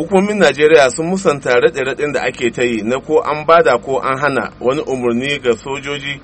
hukumomin najeriya sun musanta raɗe-raɗen da ake ta yi na ko an bada ko an hana wani umarni ga sojoji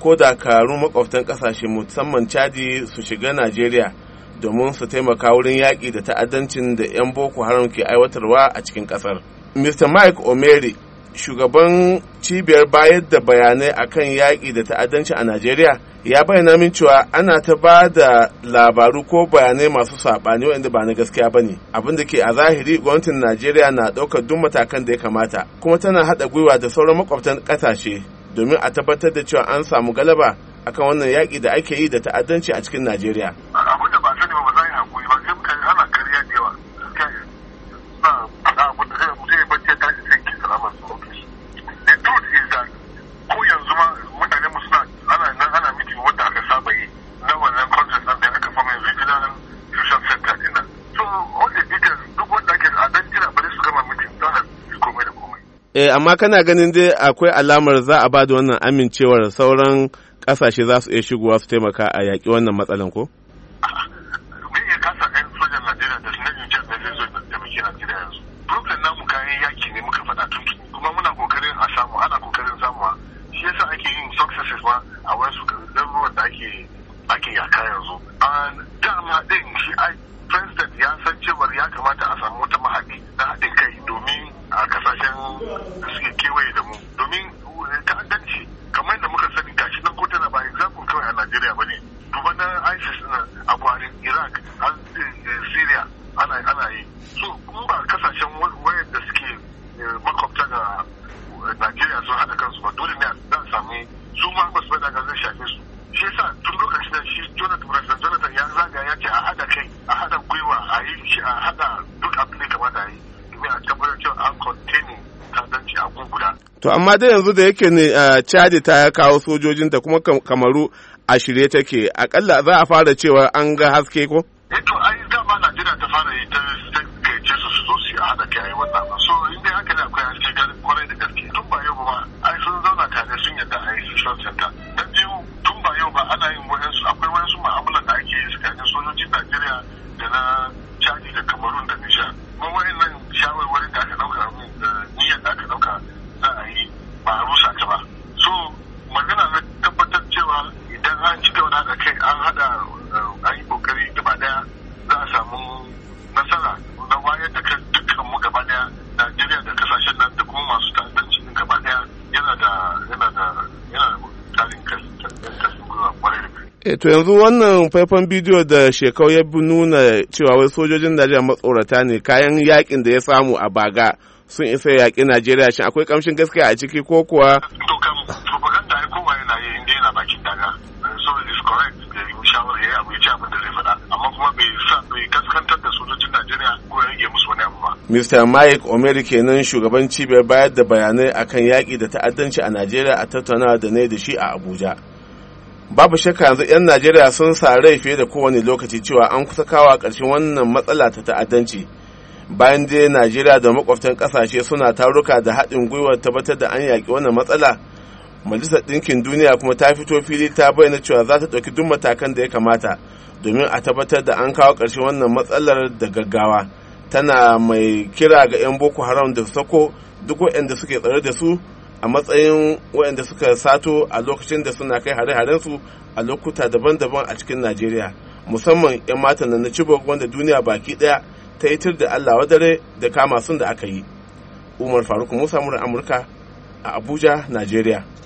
ko dakaru makwabtan ƙasashe musamman chadi su shiga najeriya domin su taimaka wurin yaƙi da ta'addancin da 'yan boko haram ke aiwatarwa a cikin ƙasar mr mike omeri shugaban cibiyar bayar da bayanai akan yaƙi da ta'addanci a najeriya ya bayyana min cewa ana ta ba da labaru ko bayanai masu saɓani waɗanda ba na gaskiya ba ne abinda ke a zahiri gwamnatin najeriya na ɗaukar duk matakan da ya kamata kuma tana haɗa gwiwa da sauran makwabtan ƙasashe domin a tabbatar da cewa an samu galaba akan wannan yaƙi da ake yi da ta'addanci a cikin najeriya Eh, amma kana ganin dai akwai alamar za a ba wannan amincewar sauran kasashe za su iya shigowa su taimaka a yaƙi wannan matsalan ko? Me ya kasa yanzu? a samu samuwa. Shi yasa ake yin ma a wasu yaka yanzu. A dama ɗin shi president ya san cewar ya kamata a samu a kasashen da suke kewaye da mu to amma dai yanzu da yake ne chadi ta kawo sojojinta kuma kamaru a shirye take akalla za a fara cewa an ga haske ko eh to ai dama najeriya ta fara yi ta gaice su su zo su yi a haɗa kai wannan so in dai haka ne akwai haske kwarai da gaske tun ba yau ba ai sun zauna tare sun yadda a yi social center na biyu tun ba yau ba ana yin su akwai wayansu ma'amalan da ake yi tsakanin sojojin najeriya da na chadi da kamarun da nijar kuma wayannan shawarwarin da aka ɗauka niyyar da aka ɗauka ba a rusa ta ba so magana na tabbatar cewa idan an ci gaba da kai an hada eh, an yi kokari gaba daya za a samu nasara na wayar da kan dukkan mu gaba daya Najeriya da kasashen nan da kuma masu ta'addanci din gaba daya yana da yana da yana da tarin kai eh, to yanzu wannan faifan bidiyo da shekau ya nuna cewa wai sojojin Najeriya matsorata ne kayan yakin da ya samu a baga sun isa yaƙi Najeriya shin akwai kamshin gaskiya a ciki ko kuwa to kam propaganda ai kowa yana yi inda yana bakin daga eh, so it is correct ya yi shawara ya yi abu ya ci abin da zai faɗa amma kuma bai sa bai gaskantar da sojojin Najeriya ko ya rage musu wani abu ba Mr. Mike Omeri kenan shugaban cibiyar bayar da bayanai akan yaƙi da ta'addanci a Najeriya a tattaunawa da ne da shi a Abuja babu shakka yanzu 'yan najeriya sun sa rai fiye da kowane lokaci cewa an kusa kawo a ƙarshen wannan matsala ta ta'addanci bayan dai najeriya da makwabtan kasashe suna taruka da haɗin gwiwar tabbatar da an yaƙi wannan matsala majalisar ɗinkin duniya kuma ta fito fili ta bayyana cewa za ta ɗauki duk matakan da ya kamata domin a tabbatar da an kawo ƙarshen wannan matsalar da gaggawa tana mai kira ga 'yan boko haram da sako duk waɗanda suke tsare da su a matsayin waɗanda suka sato a lokacin da suna kai hare haren su a lokuta daban-daban a cikin najeriya musamman 'yan matan na cibok wanda duniya baki ɗaya ta yi da Allah wadare da kama sun da aka yi. Umar Faruk Musa Amurka a Abuja, Najeriya.